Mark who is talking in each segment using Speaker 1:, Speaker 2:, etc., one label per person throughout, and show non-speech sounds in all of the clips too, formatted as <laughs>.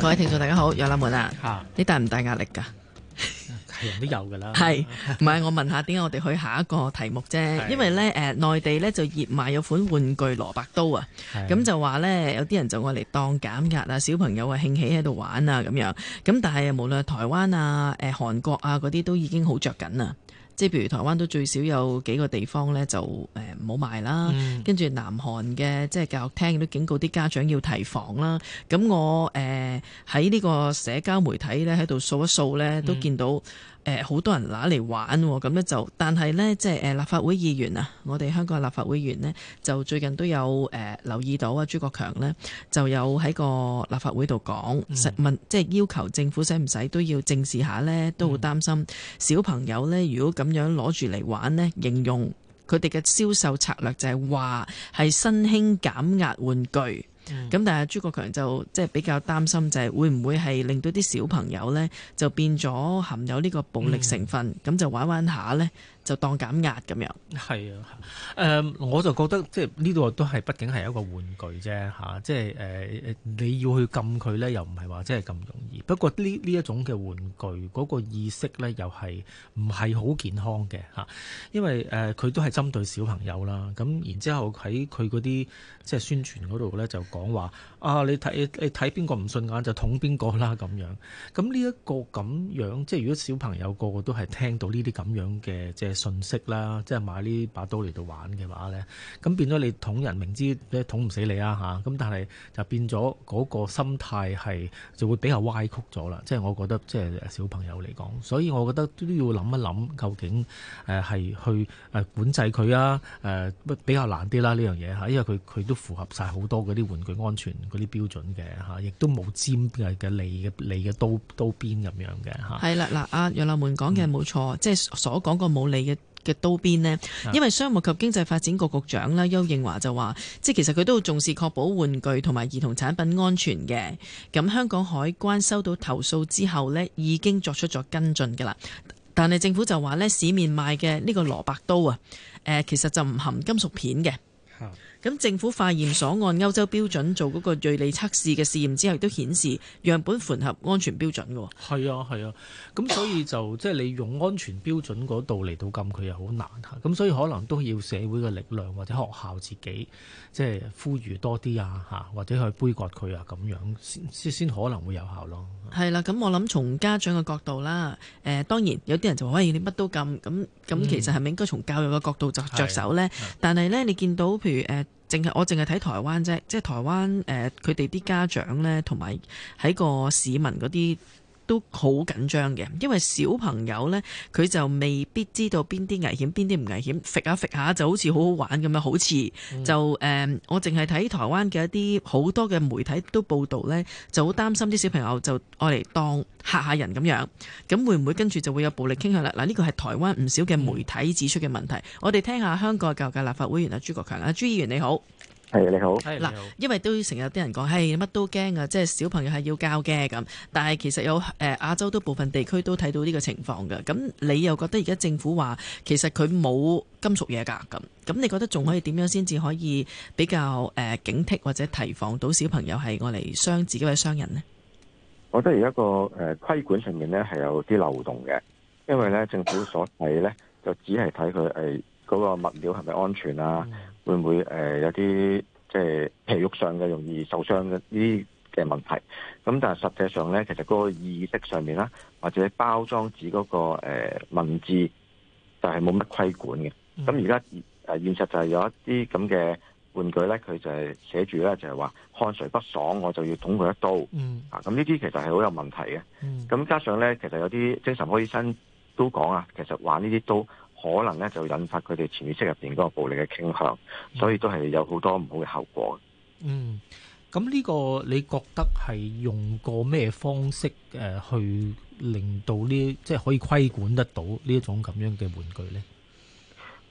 Speaker 1: 各位聽眾大家好，楊立門啊，你大唔大壓力噶？
Speaker 2: 係人都有噶啦，係
Speaker 1: 唔係？我問下點解我哋去下一個題目啫？的因為咧誒、呃，內地咧就熱賣有款玩具蘿蔔刀啊，咁的就話咧有啲人就愛嚟當減壓啊，小朋友啊興起喺度玩啊咁樣，咁但係無論台灣啊、誒、呃、韓國啊嗰啲都已經好着緊啊。即係譬如台灣都最少有幾個地方咧就誒唔好賣啦，跟住、嗯、南韓嘅即係教育廳都警告啲家長要提防啦。咁我誒喺呢個社交媒體咧喺度掃一掃咧都見到。誒，好、呃、多人攞嚟玩咁呢就，但係呢，即係誒、呃，立法會議員啊，我哋香港立法會議員呢，就最近都有誒、呃、留意到啊。朱國強呢，就有喺個立法會度講、嗯、問，即係要求政府使唔使都要正視下呢？都好擔心、嗯、小朋友呢，如果咁樣攞住嚟玩呢，形容佢哋嘅銷售策略就係話係新興減壓玩具。咁、嗯、但係朱國強就即係比較擔心，就係會唔會係令到啲小朋友呢，就變咗含有呢個暴力成分，咁、嗯、就玩玩下呢。就當減壓咁樣。係啊，誒、呃、我就覺得即
Speaker 2: 係呢度都係畢竟係一個玩具啫吓、啊，即係誒、呃、你要去撳佢咧，又唔係話真係咁容易。不過呢呢一種嘅玩具嗰、那個意識咧，又係唔係好健康嘅吓、啊，因為誒佢、呃、都係針對小朋友啦。咁然之後喺佢嗰啲即係宣傳嗰度咧，就講話啊，你睇你睇邊個唔順眼就捅邊個啦咁樣。咁呢一個咁樣即係如果小朋友個個都係聽到呢啲咁樣嘅即信息啦，即係買呢把刀嚟到玩嘅話咧，咁變咗你捅人，明知捅唔死你啊吓，咁但係就變咗嗰個心態係就會比較歪曲咗啦。即係我覺得即係小朋友嚟講，所以我覺得都要諗一諗究竟誒係、呃、去誒、呃、管制佢啊誒比較難啲啦呢樣嘢吓，因為佢佢都符合晒好多嗰啲玩具安全嗰啲標準嘅吓，亦都冇尖嘅嘅利嘅利嘅刀刀邊咁樣嘅吓，係啦
Speaker 1: 了，嗱、嗯，阿楊立門講嘅冇錯，即係所講個冇理。嘅嘅刀邊呢？因為商務及經濟發展局局長啦，丘應樺就話，即係其實佢都重視確保玩具同埋兒童產品安全嘅。咁香港海關收到投訴之後呢，已經作出咗跟進㗎喇。但係政府就話呢，市面賣嘅呢個蘿蔔刀啊，誒，其實就唔含金屬片嘅。咁、嗯、政府化驗所按歐洲標準做嗰個銳利測試嘅試驗之後，亦都顯示樣本符合安全標準嘅。係啊，係啊。咁所以就即係、啊、你用安全
Speaker 2: 標準嗰度嚟到禁佢又好難嚇。咁所以可能都要社會嘅力量或者學校自己即係、就是、呼籲多啲啊嚇，或者去杯葛佢啊咁樣先先可能會有效咯。
Speaker 1: 係啦，咁、啊、我諗從家長嘅角度啦，誒、呃、當然有啲人就話，喂，你乜都禁咁咁，其實係咪應該從教育嘅角度就着、嗯、手呢？但係呢，你見到誒，淨係、呃、我淨係睇台灣啫，即係台灣，誒、呃，佢哋啲家長咧，同埋喺個市民嗰啲。都好緊張嘅，因為小朋友呢，佢就未必知道邊啲危險，邊啲唔危險。揈下揈下就好似好好玩咁樣，好似、嗯、就誒、呃，我淨係睇台灣嘅一啲好多嘅媒體都報道呢，就好擔心啲小朋友就愛嚟當嚇下人咁樣。咁會唔會跟住就會有暴力傾向啦？嗱，呢個係台灣唔少嘅媒體指出嘅問題。我哋聽下香港教育界立法會議員阿朱國強，阿朱議員你好。
Speaker 3: 係你好。嗱，
Speaker 1: 因為都成日有啲人講，係乜都驚啊，即係小朋友係要教嘅。咁。但係其實有誒，亞洲都部分地區都睇到呢個情況嘅。咁你又覺得而家政府話，其實佢冇金屬嘢噶咁？咁你覺得仲可以點樣先至可以比較誒警惕或者提防到小朋友係我嚟傷自己或者傷人呢？
Speaker 3: 我覺得而家個誒規管上面咧係有啲漏洞嘅，因為咧政府所睇咧就只係睇佢誒嗰個物料係咪安全啊？嗯會唔會誒有啲即係皮肉上嘅容易受傷嘅呢啲嘅問題？咁但係實際上咧，其實嗰個意識上面啦，或者包裝紙嗰個文字就係冇乜規管嘅。咁而家誒現實就係有一啲咁嘅玩具咧，佢就係寫住咧，就係話「看誰不爽我就要捅佢一刀」。啊、嗯，咁呢啲其實係好有問題嘅。咁、嗯、加上咧，其實有啲精神科醫生都講啊，其實玩呢啲刀，可能咧就引發佢哋潛意識入邊嗰個暴力嘅傾向，所以都係有好多唔好嘅後果。嗯，
Speaker 2: 咁呢個你覺得係用個咩方式誒去令到呢即係可以規管得到呢一種咁樣嘅玩具呢？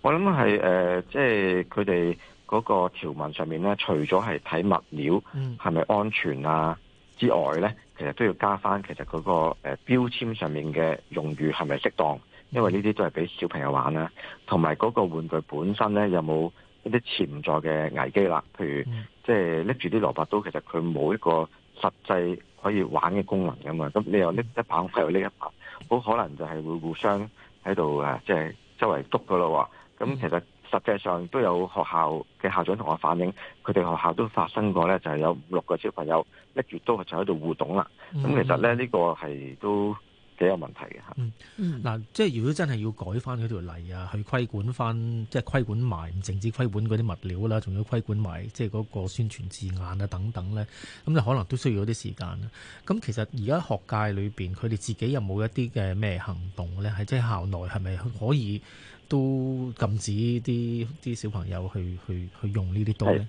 Speaker 3: 我諗係誒，即係佢哋嗰個條文上面咧，除咗係睇物料係咪、嗯、安全啊之外呢，其實都要加翻，其實嗰個誒標籤上面嘅用語係咪適當？因為呢啲都係俾小朋友玩啦，同埋嗰個玩具本身咧有冇一啲潛在嘅危機啦？譬如即係拎住啲蘿蔔刀，其實佢冇一個實際可以玩嘅功能㗎嘛。咁你又拎一把，佢、嗯、又拎一把，好可能就係會互相喺度，即係周圍篤㗎咯喎。咁其實實際上都有學校嘅校長同我反映，佢哋學校都發生過咧，就係、是、有五六個小朋友拎住刀就喺度互動啦。咁其實咧呢、呢個係都。都有問題嘅吓，嗯嗯，嗱，即係如果真
Speaker 2: 係要改翻嗰條例啊，去規管翻，即係規管埋，唔淨止規管嗰啲物料啦，仲要規管埋，即係嗰個宣傳字眼啊等等咧，咁就可能都需要一啲時間啦。咁其實而家學界裏面，佢哋自己有冇一啲嘅咩行動咧？係即係校內係咪可以都禁止啲啲小朋友去去去用呢啲刀咧？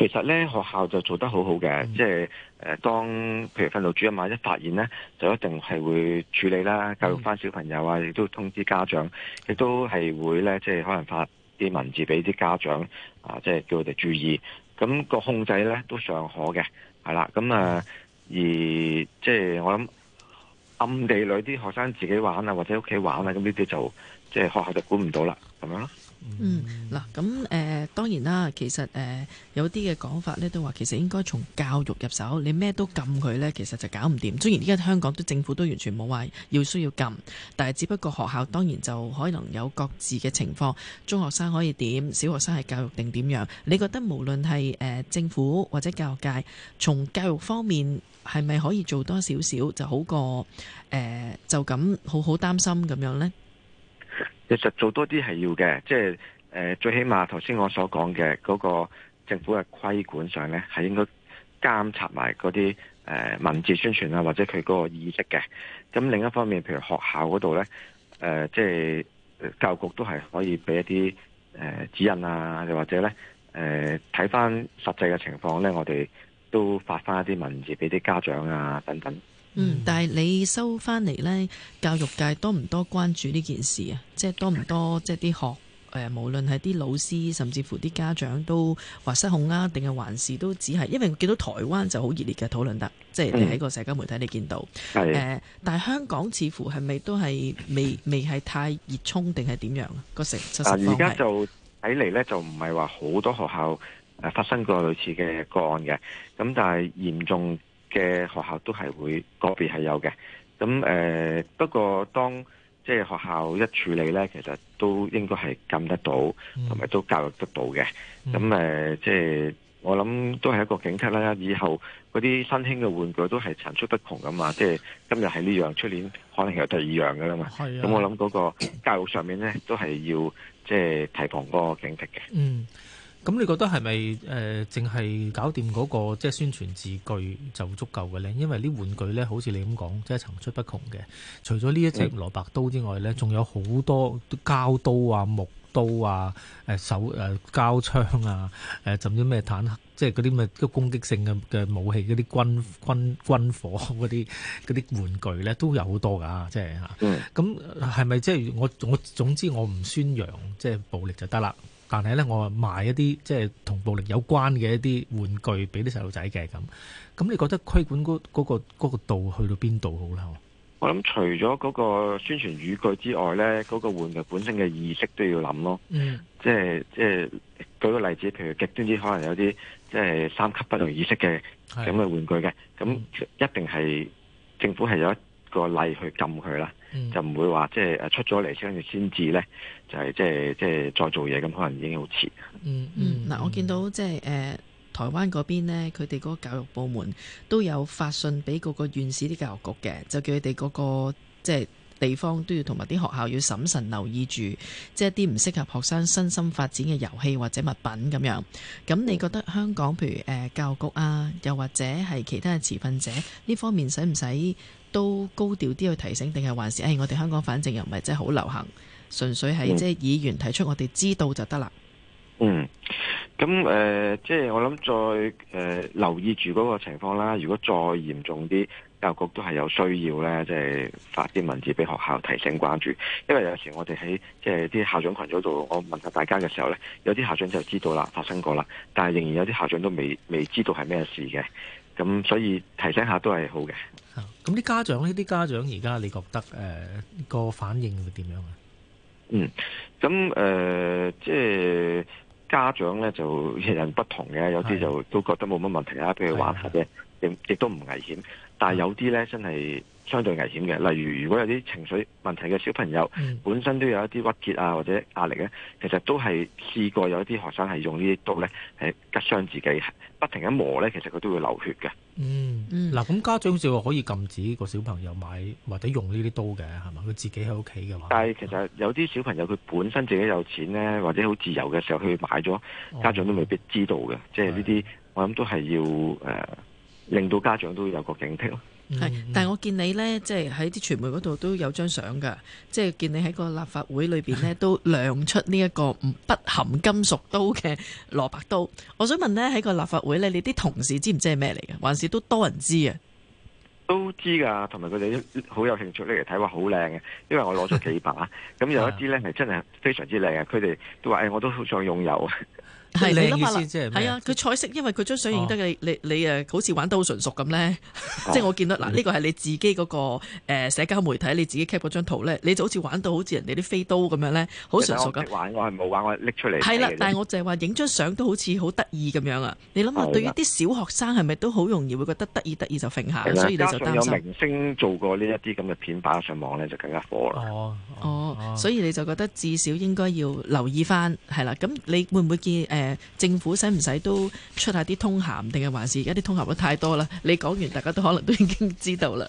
Speaker 3: 其實咧學校就做得好好嘅，嗯、即係誒當譬如訓導主任一,一發現咧，就一定係會處理啦，教育翻小朋友啊，亦、嗯、都通知家長，亦都係會咧，即係可能發啲文字俾啲家長啊，即係叫佢哋注意。咁、那個控制咧都尚可嘅，係啦。咁啊、嗯、而即係我諗暗地裏啲學生自己玩啊，或者屋企玩啊，咁呢啲就即係學校就管唔到啦，咁樣。
Speaker 1: 嗯，嗱，咁、呃、誒當然啦，其實誒、呃、有啲嘅講法呢，都話，其實應該從教育入手。你咩都禁佢呢，其實就搞唔掂。雖然而家香港啲政府都完全冇話要需要禁，但係只不過學校當然就可能有各自嘅情況。中學生可以點，小學生係教育定點樣？你覺得無論係、呃、政府或者教育界，從教育方面係咪可以做多少少，就好過誒、呃、就咁好好擔心咁樣呢？
Speaker 3: 其實做多啲係要嘅，即係誒最起碼頭先我所講嘅嗰個政府嘅規管上咧，係應該監察埋嗰啲誒文字宣傳啊，或者佢嗰個意識嘅。咁另一方面，譬如學校嗰度咧，誒即係教育局都係可以俾一啲誒、呃、指引啊，又或者咧誒睇翻實際嘅情況咧，我哋都發翻一啲文字俾啲家長啊等等。
Speaker 1: 嗯，但係你收翻嚟呢，教育界多唔多關注呢件事啊？即係多唔多即係啲學誒，無論係啲老師，甚至乎啲家長都話失控啊？定係還是都只係？因為我見到台灣就好熱烈嘅討論得，即係你喺個社交媒體你見到，是的但係香港似乎係咪都係未未係太熱衷定係點樣啊？個成執行而家
Speaker 3: 就睇嚟呢，就唔係話好多學校誒發生過類似嘅個案嘅，咁但係嚴重。嘅學校都係會個別係有嘅，咁誒、呃、不過當即係、就是、學校一處理咧，其實都應該係禁得到，同埋、嗯、都教育得到嘅。咁誒即係我諗都係一個警惕啦。以後嗰啲新興嘅玩具都係層出不窮噶嘛，即、就、係、是、今日係呢樣，出年可能係第二樣噶啦嘛。咁、啊、我諗嗰個教育上面咧都係要即係、就是、提防嗰個警惕嘅。
Speaker 2: 嗯。咁你覺得係咪誒淨係搞掂嗰個即係宣傳字句就足夠嘅咧？因為啲玩具咧，好似你咁講，即係層出不窮嘅。除咗呢一隻蘿蔔刀之外咧，仲有好多膠刀啊、木刀啊、誒手誒膠槍啊、誒甚至咩坦克，即係嗰啲咁嘅攻擊性嘅嘅武器，嗰啲軍，軍，軍火嗰啲嗰啲玩具咧，都有好多㗎，即係嚇。咁係咪即係我我總之我唔宣揚即係暴力就得啦？但係咧，我賣一啲即係同暴力有關嘅一啲玩具俾啲細路仔嘅咁。咁你覺得規管嗰嗰、嗰個度、嗰個、去到邊度好咧？
Speaker 3: 我諗除咗嗰個宣傳語句之外咧，嗰、嗰個玩具本身嘅意識都要諗咯。嗯、即係即係舉個例子，譬如極端啲，可能有啲即係三級不同意識嘅咁嘅玩具嘅，咁的一定係、嗯、政府係有一個例去禁佢啦。 <noise> 就唔會話即係誒出咗嚟，先至先至咧，就係即係即係再做嘢咁，可能已經好遲、嗯。嗯
Speaker 1: 嗯，嗱，我見到即係誒台灣嗰邊咧，佢哋嗰個教育部門都有發信俾各個縣市啲教育局嘅，就叫佢哋嗰個即係。就是地方都要同埋啲學校要審慎留意住，即係一啲唔適合學生身心發展嘅遊戲或者物品咁樣。咁你覺得香港譬如誒教育局啊，又或者係其他嘅持份者呢方面，使唔使都高調啲去提醒，定係還是誒我哋香港反正又唔係真係好流行，純粹係即係議員提出，我哋知道就得啦。嗯，
Speaker 3: 咁誒即係我諗再誒留意住嗰個情況啦。如果再嚴重啲。教育局都係有需要咧，即、就、係、是、發啲文字俾學校提醒關注，因為有時我哋喺即係啲校長群組度，我問下大家嘅時候咧，有啲校長就知道啦，發生過啦，但係仍然有啲校長都未未知道係咩事嘅，咁所以提醒下都係好嘅。
Speaker 2: 咁啲、嗯呃、家長呢，啲家長而家你覺得誒個反應會點樣啊？嗯，
Speaker 3: 咁誒，即係家長咧就人人不同嘅，嗯、有啲就都覺得冇乜問題啊，俾佢玩下啫，亦亦都唔危險。但有啲咧真係相對危險嘅，例如如果有啲情緒問題嘅小朋友，嗯、本身都有一啲鬱結啊或者壓力咧，其實都係試過有一啲學生係用呢啲刀咧，係拮傷自己，不停咁磨咧，其實佢都會流血嘅、嗯。
Speaker 2: 嗯嗯，嗱咁家長好似話可以禁止個小朋友買或者用呢啲刀嘅，係咪？佢自己喺屋企嘅
Speaker 3: 嘛。但係其實有啲小朋友佢本身自己有錢咧，或者好自由嘅時候去買咗，家長都未必知道嘅。嗯、即係呢啲，的我諗都係要誒。呃令到家長都有個警惕咯。
Speaker 1: 係，但係我見你呢，即係喺啲傳媒嗰度都有張相㗎，即係見你喺個立法會裏邊呢，都亮出呢一個唔不含金屬刀嘅蘿蔔刀。我想問呢，喺個立法會咧，你啲同事知唔知係咩嚟嘅？還是都多人知啊？
Speaker 3: 都知㗎，同埋佢哋好有興趣拎嚟睇，話好靚嘅。因為我攞咗幾把，咁 <laughs> 有一支呢，係 <laughs> 真係非常之靚嘅。佢哋都話，誒，我都好想擁有。
Speaker 1: 係你諗下啦，係啊，佢彩色，因為佢張相影得嘅，你你誒，好似玩得好純熟咁咧，即係我見到嗱，呢個係你自己嗰個誒社交媒體你自己 cap 嗰張圖咧，你就好似玩到好似人哋啲飛刀咁樣咧，好純熟咁。
Speaker 3: 玩我係冇玩，我拎出嚟。係啦，但係我
Speaker 1: 就係話影張相都好似好得意咁樣啊！你諗下，對於啲小學生係咪都好容易會覺得得意，得意就揈下，所以你就擔心。有明
Speaker 3: 星做過呢一啲咁嘅片擺上網咧，就更加火
Speaker 1: 啦。哦，所以你就覺得至少應該要留意翻，係啦。咁你會唔會建議？政府使唔使都出下啲通函，定係還是而家啲通函都太多啦？你講完，大家都可能都已經知道啦。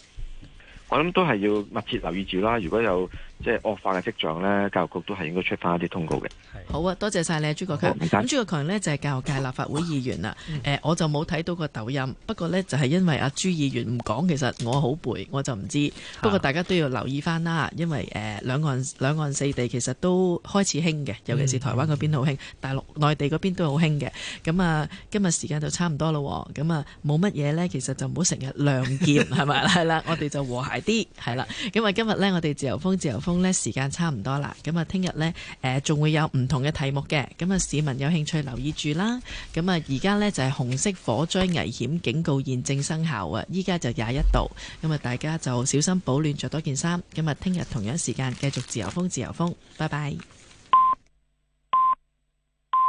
Speaker 3: 我諗都係要密切留意住啦，如果有。即係惡化嘅跡象呢，教育局都係應該出翻一啲通告
Speaker 1: 嘅。好啊，多謝晒你啊，朱國強。咁謝朱國強呢，就係、是、教育界立法會議員啦、嗯呃。我就冇睇到個抖音，不過呢，就係、是、因為阿朱議員唔講，其實我好攰，我就唔知。不過大家都要留意翻啦，因為誒、呃、兩岸，兩岸四地其實都開始興嘅，尤其是台灣嗰邊好興，嗯、大陸內地嗰邊都好興嘅。咁、嗯嗯、啊，今日時間就差唔多喎。咁啊冇乜嘢呢，其實就唔好成日亮劍係咪啦？係啦， <laughs> 我哋就和諧啲係啦。因為、啊、今日呢，我哋自由風自由風。呢時間差唔多啦，咁啊聽日呢誒仲會有唔同嘅題目嘅，咁啊市民有興趣留意住啦。咁啊而家呢就係紅色火災危險警告現正生效啊！依家就廿一度，咁啊大家就小心保暖，着多件衫。咁啊聽日同樣時間繼續自由風，自由風，拜拜。